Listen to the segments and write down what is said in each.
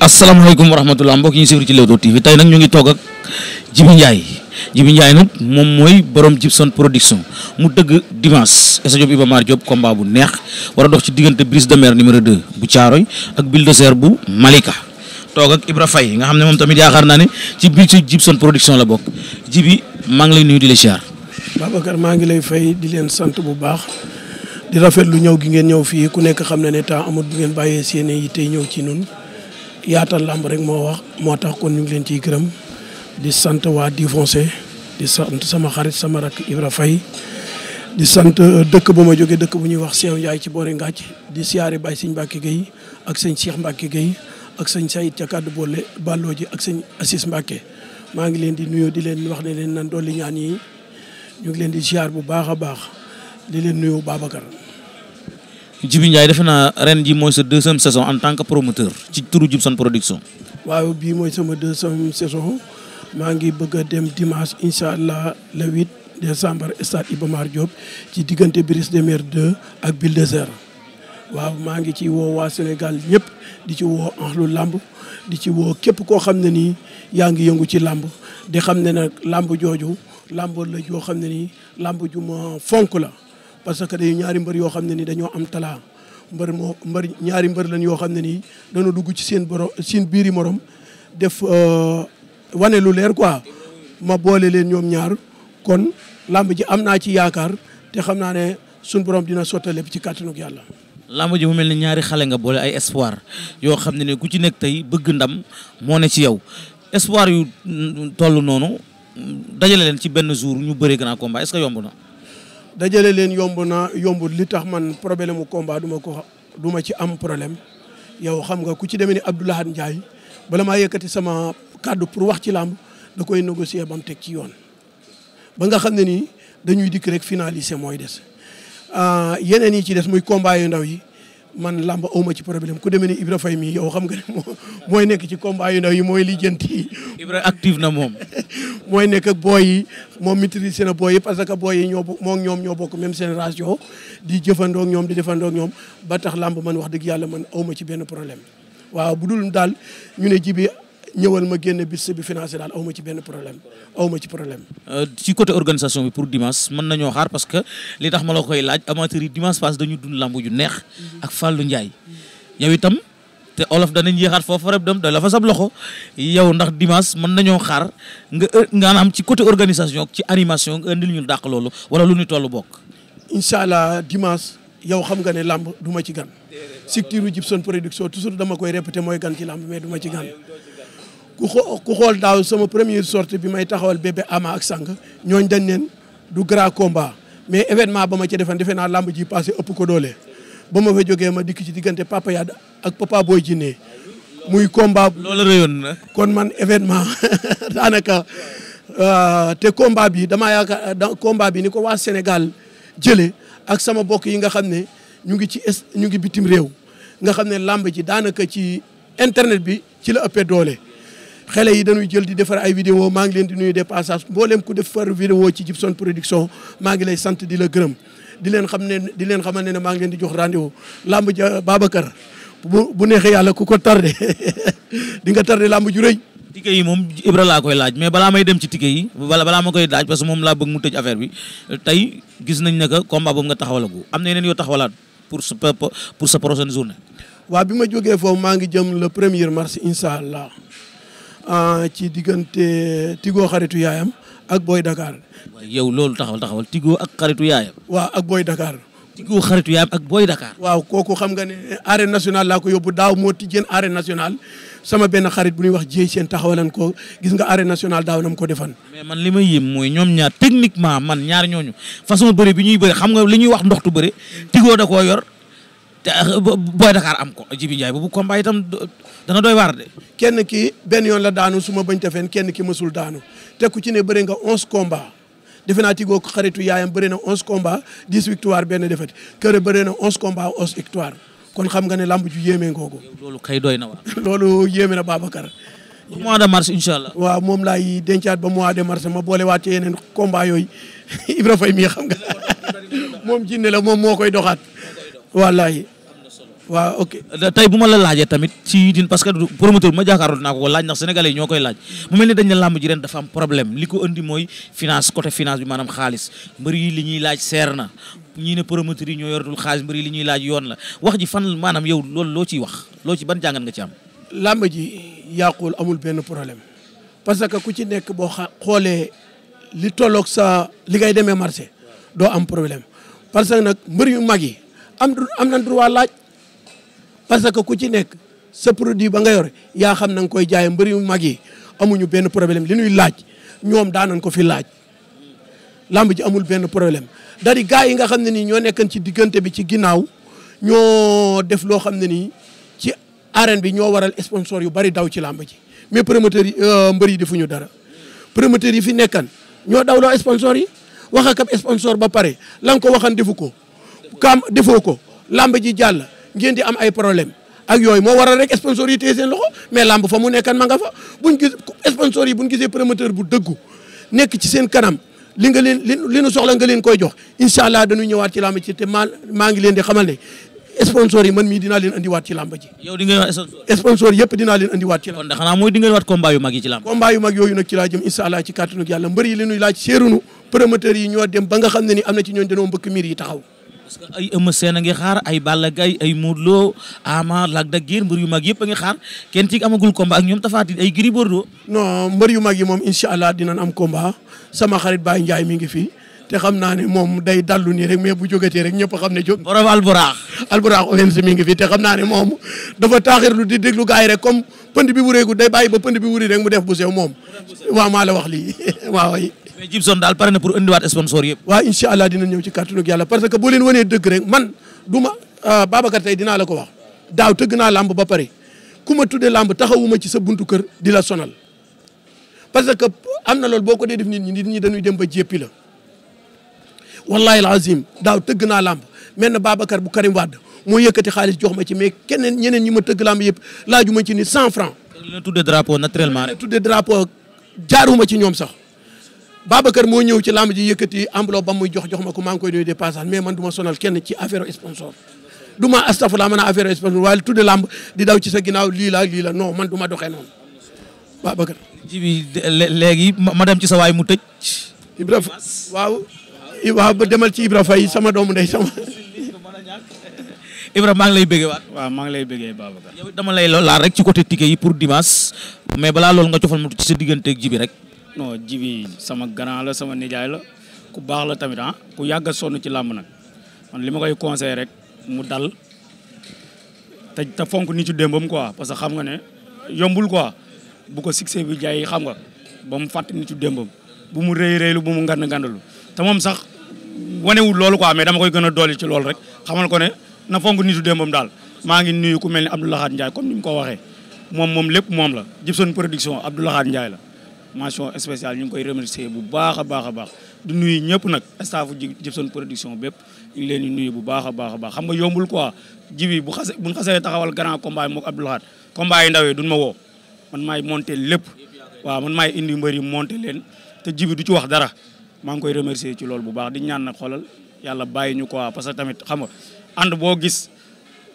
asalaamaaleykum wa rahmatulah mbokk yi ñu suivre ci Leewtoo TV tey nag ñu ngi toog ak Jibi Ndiaye Jibi Ndiaye nag moom mooy borom Gibson production mu dëgg dimanche stade Iba Mar job combat bu neex war a dox ci diggante brise de mer numéro 2 bu Thiaroy ak bulldozer bu Malika toog ak Ibra Faye nga xam ne moom tamit yaakaar naa ne ci biir ci Gibson production la bokk Jibi maa ngi lay nuyu di la ziar. Babacar maa ngi lay fay di leen sant bu baax. di rafet lu ñëw gi ngeen ñëw fii ku nekk xam na ne temps amul bu ngeen seen i yitte ñëw ci ñun yaatal làmb rek moo wax moo tax kon ñu ngi leen ciy gërëm di sant waa di foncé di sant sama xarit sama rakk Ibra Faye di sant euh, dëkk ba ma jógee dëkk bu ñuy wax sew Njaay ci boori ci di siyaare Baay Sëñ Mbàkke Gueye ak sëñ Cheikh Mbàkke Gueye ak sëñ Sayid ca kàddu boole bàlloo ji ak sëñ Assis Mbàkke maa ngi leen di nuyoo di leen wax ne leen nan dolli ñaan yi ñu ngi leen di siyaar bu baax a baax di leen nuyu Babacar Djibi Ndiaye defe naa ren ji mooy sa deuxième saison en tan que promoteur ci turu Jibson production. waaw bii mooy sama deuxième saison maa ngi bëgg a dem dimanche incha allah le huit décembre stade Iba Mar Diop ci diggante Brise de maire 2 ak Bulldozer waaw maa ngi ci woo waa Sénégal ñëpp di ci woo ahlu làmb di ci woo képp koo xam ne nii yaa ngi yëngu ci làmb di xam ne nag làmb jooju làmb la joo xam ne nii làmb ju ma fonk la. parce que day ñaari mbër yoo xam ne ni dañoo am talaa mbër moo mbër ñaari mbër lañ yoo xam ne nii dañoo dugg ci seen borom seen biiri morom def euh, wane lu leer quoi ma boole leen ñoom ñaar kon lamb ji am naa ci yaakaar te xam naa ne suñ borom dina sotta lépp ci kàttanug yàlla lamb ji mu mel ni ñaari xale nga boole ay espoir yoo xam ne ne ku ci nekk tey bëgg ndam moo ne ci yow espoir yu toll noonu dajale leen ci benn jour ñu bëri grand combat est-ce que yomb na dajale leen yomb na yomb li tax man problème mu combat du ma ko du ci am problème yow xam nga ku ci demee ni Abdoulahad Ndiaye bala ma yekkati sama kàddu pour wax ci làmb da koy négocier ba mu teg ci yoon ba nga xam ne nii dañuy dikk rek finaliser mooy des ah, yeneen yi ci des muy combat yu ndaw yi man lamb làmb ma ci problème ku demee ni Ibra Faye mi yow xam nga mooy nekk ci combat yu ndaw yi mooy lijjanti. Ibra active na moom. mooy nekk booy yi moom maîtrise na booy yi parce que booy yi ñoo bokk moom ñoom ñoo bokk même génération di jëfandoo ak ñoom di defandoo ñoom ba tax làmb man wax dëgg yàlla man awma ci benn problème waaw bu dul daal ñu ne ji bi ñëwal ma génn bis bi financé daal awma ci benn problème awma ci problème. Euh, ci côté organisation bi pour dimanche mën nañoo xaar parce que li tax ma la koy laaj amateurs yi dimanche passé dañu dund làmb ju neex. ak Fallou Ndiaye yow itam. te olof danañ yéexaat foofu rek dem da la fa sab loxo yow ndax dimanche mën nañoo xaar nga maanaam ci côté organisation ci animation nga indil ñu dàq loolu wala lu ñu toll bokk. incha allah dimanche yow xam nga ne lamb du ma ci gan. structure Jibson production toujours dama koy répété mooy gan ci làmb mais du ma ci gan. ku xoo ku xool daaw sama première sorte bi may taxawal be ama ak sang ñooñ dañ neen du grand combat mais événement ba ma ci defan defe naa làmb ji passé ëpp ko doole ba ma fa jógee ma dikk ci diggante Papa Yade ak Papa Boy Djiné muy combat. loolu rëyoon na. kon man événement daanaka euh, te combat bi damaa yaakaar da combat bi ni ko waa Sénégal jëlee ak sama bokk yi nga xam ne ñu ngi ci ñu ngi bitim réew nga xam ne lamba ji daanaka ci internet bi ci la ëppe doole. xale yi dañuy jël di defar ay vidéo maa ngi leen di nuyu des def mboolem ku defar vidéo ci Jibson Production maa ngi lay sant di la gërëm di leen xam ne di leen xamal ne maa ngi leen di jox rendez-vous ja Babacar. bu bu neexee yàlla ku ko tarde di nga tardé làmb ju rëy. yi moom Ibra laa koy laaj mais balaa may dem ci ticket yi wala balaa ma koy laaj parce que moom laa bëgg mu tëj affaire bi tey gis nañ ne que combat boobu nga taxawalagu am na yeneen yoo taxawalaat pour sa pour sa prochaine journée. waa bi ma jógee foofu maa ngi jëm le premier mars incha allah ah, ci diggante Tigo xaritu yaayam ak booy Dakar. waaw yow loolu taxawal taxawal Tigo ak xaritu yaayam. waaw ak Boy Dakar. ci kaw xaritu yaayam ak booy Dakar. waaw kooku xam nga ne arène national laa ko yóbbu daaw moo tijjeen arène national sama benn xarit bu ñuy wax jéey seen taxawalan ko gis nga arène nationale daaw na mu ko defan mais man li ma yéem mooy ñoom ñaar techniquement man ñaar ñooñu façon bëri bi ñuy bëri xam nga li ñuy wax ndoxtu bëri tigoo da koo yor te ah, booy Dakar am ko a Jibi Njaay boobu combat itam dana doy waar de. kenn ki benn yoon la daanu su ma bañ te fen kenn ki mësul daanu te ci ne bëri nga onze combat defe naa Tigo xaritu yaayam bëri na onze combats dix victoire benn défaite Kër bëri na onze combats onze victoire kon xam nga ne lamb ju yéeme ngoogu. loolu kay doy na waa. loolu yéeme na Babacar. mois de mars incha allah. waaw moom laay dencaat ba mois de mars ma boolewaat ci yeneen yooyu Ibra xam nga moom jinne la moom moo koy doxaat. wallaahi. waaw ok tey bu ma la laajee tamit ci din parce que promoteur bi ma jaakaaroon naa ko laaj ndax sénégalais ñoo koy laaj mu mel ni dañ ne làmb ji ren dafa am problème li ko indi mooy finance côté finance bi maanaam xaalis mbër yi li ñuy laaj seer ñii ne promoteur yi ñoo loo ciy wax loo ci ban jàngat ci am làmb ji yàqul amul benn problème parce que ku ci nekk boo xoolee li tolloog sa li ngay demee marché doo am problème parce que nag mbër yu mag yi am am na droit laaj parce que ku ci nekk sa produit ba nga yore yaa xam na nga koy jaay mbëri yu mag yi amuñu benn problème li ñuy laaj ñoom daanañ ko fi laaj lamb ji amul benn problème dari gars yi nga xam ne nii ñoo nekkan ci diggante bi ci ginnaaw ñoo def loo xam ne nii ci arène bi ñoo waral sponsor yu bari daw ci lamb ji mais promoteurs yi euh, mbër yi defuñu dara promoteurs yi fi nekkan ñoo daw loo sponsor yi wax ak ba pare la nga ko waxan defu ko kaam defoo ko lamb ji jàll ngeen di am ay problème ak yooyu moo waral rek sponsor yi téye seen loxo mais làmb fa mu nekkan ma nga fa buñ gis sponsor yi buñ gisee promoteur bu dëggu nekk ci seen kanam li nga leen li nu soxla nga leen koy jox incha allah dañu ñëwaat ci làmb ci te maa maa ngi leen di xamal ne sponsor yi man mii dinaa leen andiwaat ci làmb ji. yow di nga sponsor. sponsor yëpp dinaa leen andiwaat ci làmb. kon de xanaa mooy di nga waat combat yu mag yi ci làmb. combat yu mag yooyu nag ci laa jëm incha allah ci kàttanu yàlla mbër yi li ñuy laaj séerunu promoteurs yi ñoo dem ba nga xam ne ni am na ci ñooñ dañoo mbëkk miir yi taxaw parce que ay Eumeu Sène a ngi xaar ay Balla Gaye ay Modou Lo Ama Lac de Guiers mbër yu mag yëpp a ngi xaar kenn ci amagul combat ak ñoom Tapha Tine ay Gris Bordeaux non mbër yu mag yi moom incha allah dina am combat sama xarit Baye Ndiaye mi ngi fi te xam naa ne moom day dallu nii rek mais bu jógatee rek ñëpp xam ne jóg borom alburaax alburaax ONG mi ngi fi te xam naa ne moom dafa taaxirlu di déglu gars yi rek comme pënd bi wuréegu day bàyyi ba pënd bi wuri rek mu def bu sew moom maa la wax lii waaw mais son daal pare na pour indiwaat sponsor yëpp. waaw incha allah dina ñëw ci kàttanu ak yàlla parce que boo leen wanee dëgg rek man du ma ah, Babacar tey dinaa la ko wax daaw tëgg naa làmb ba pare ku ma tuddee làmb taxawuma ci sa buntu kër di la sonal parce que am na lool boo ko dee def nit ñi nit ñi dañuy dem ba jéppi la wallahi alazim daaw tëgg naa lamb mel na Babacar bu Karim Wade moo yëkkati xaalis jox ma ci mais keneen ñeneen ñi ma tëgg làmb yëpp laaj ma ci ni cent franc. dina tuddee drapeau naturellement rek. dina tuddee drapeau jaaruma ci ñoom sax. Babacar moo ñëw ci làmb ji yëkkati enveloppe ba muy jox jox ma ko maa ngi koy nuyu de passage mais man du ma sonal kenn ci affaire sponsor du ma astafurla man affaire sponsor waaye tudde làmb di daw ci sa ginnaaw lii la lii la non man du ma doxee noonu Babacar. ji bi léegi ma dem ci sa waay mu tëj. Ibra waaw waaw ba demal ci Ibra Faye sama doomu ndey sama. Ibra maa ngi lay bëggee waa waaw maa ngi lay bëggee Babacar. yow laa rek ci côté ticket yi pour dimanche mais balaa lool nga cofal ma ci sa digganteeg ji bi rek. non jibi sama grand la sama nijaay la ku baax la tamit ah. ku yàgg a sonn ci làmb nag man li ma koy conseillé rek mu dal te te fonk ni ci démbam quoi parce que xam nga ne yombul quoi bu ko succès bi jaay xam nga ba mu fàtt ni ci démbam bu mu rëy rëylu bu mu ngand ngandalu te moom sax wanewul loolu ko mais dama koy gën a dolli ci loolu rek xamal ko ne na fonk nitu démbam daal maa ngi nuyu ku mel ni Abdoulaye njaay comme ni mu ko waxee moom moom lépp moom la Jibson production Abdoulaye njaay la mention spéciale ñu ngi koy remercier bu baax a baax a baax di nuyu ñëpp nag staff Jibson production bépp ñu ngi leen di nuyu bu baax a baax a baax xam nga yombul quoi jibi bu xase buñ xasee taxawal grand combat yi mook Abdou Lahad combat yi ndawee duñ ma woo man maay monter lépp waaw man maay indi mbër yi monter leen te jibi du ci wax dara maa ngi koy remercier ci lool bu baax di ñaan nag xoolal yàlla bàyyi ñu quoi parce que tamit xam nga ànd boo gis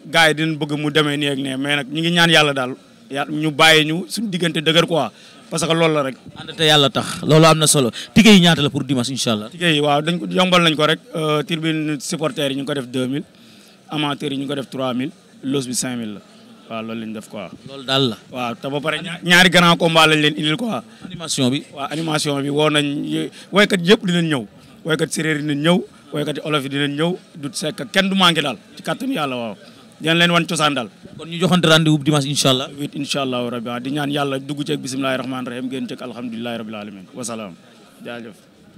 gars yi dinañ bëgg mu demee nii ak ne mais nag ñu ngi ñaan yàlla daal ñu bàyyi ñu suñu diggante dëgër quoi parce que lool la rek. ànd te yàlla tax loolu am na solo ticket yi ñaata la pour dimanche incha allah. ticket yi waaw ko yombal nañ ko rek euh, tribune supporters yi ñu ngi ko def 2000 amateurs yi ñu ngi ko def 3000 loge bi 5000 la. waaw loolu lañ def quoi. loolu daal la. waaw te ba pare ñaari grand combat lañ leen indil quoi. animation bi. waaw animation bi woo nañ woykat yëpp dinañ ñëw woykat séeréer yi dinañ ñëw woykat olof yi dinañ ñëw du sekk kenn du manqué daal ci kàttanu yàlla waaw. dinañ leen wan cosaan daal kon ñu joxante rendez-vous dimanche incha allah wit incha allahu rabbi di ñaan yàlla dugg ci ak bisimilahi rahim génn ci ak alhamdulilahi alamin wasalaam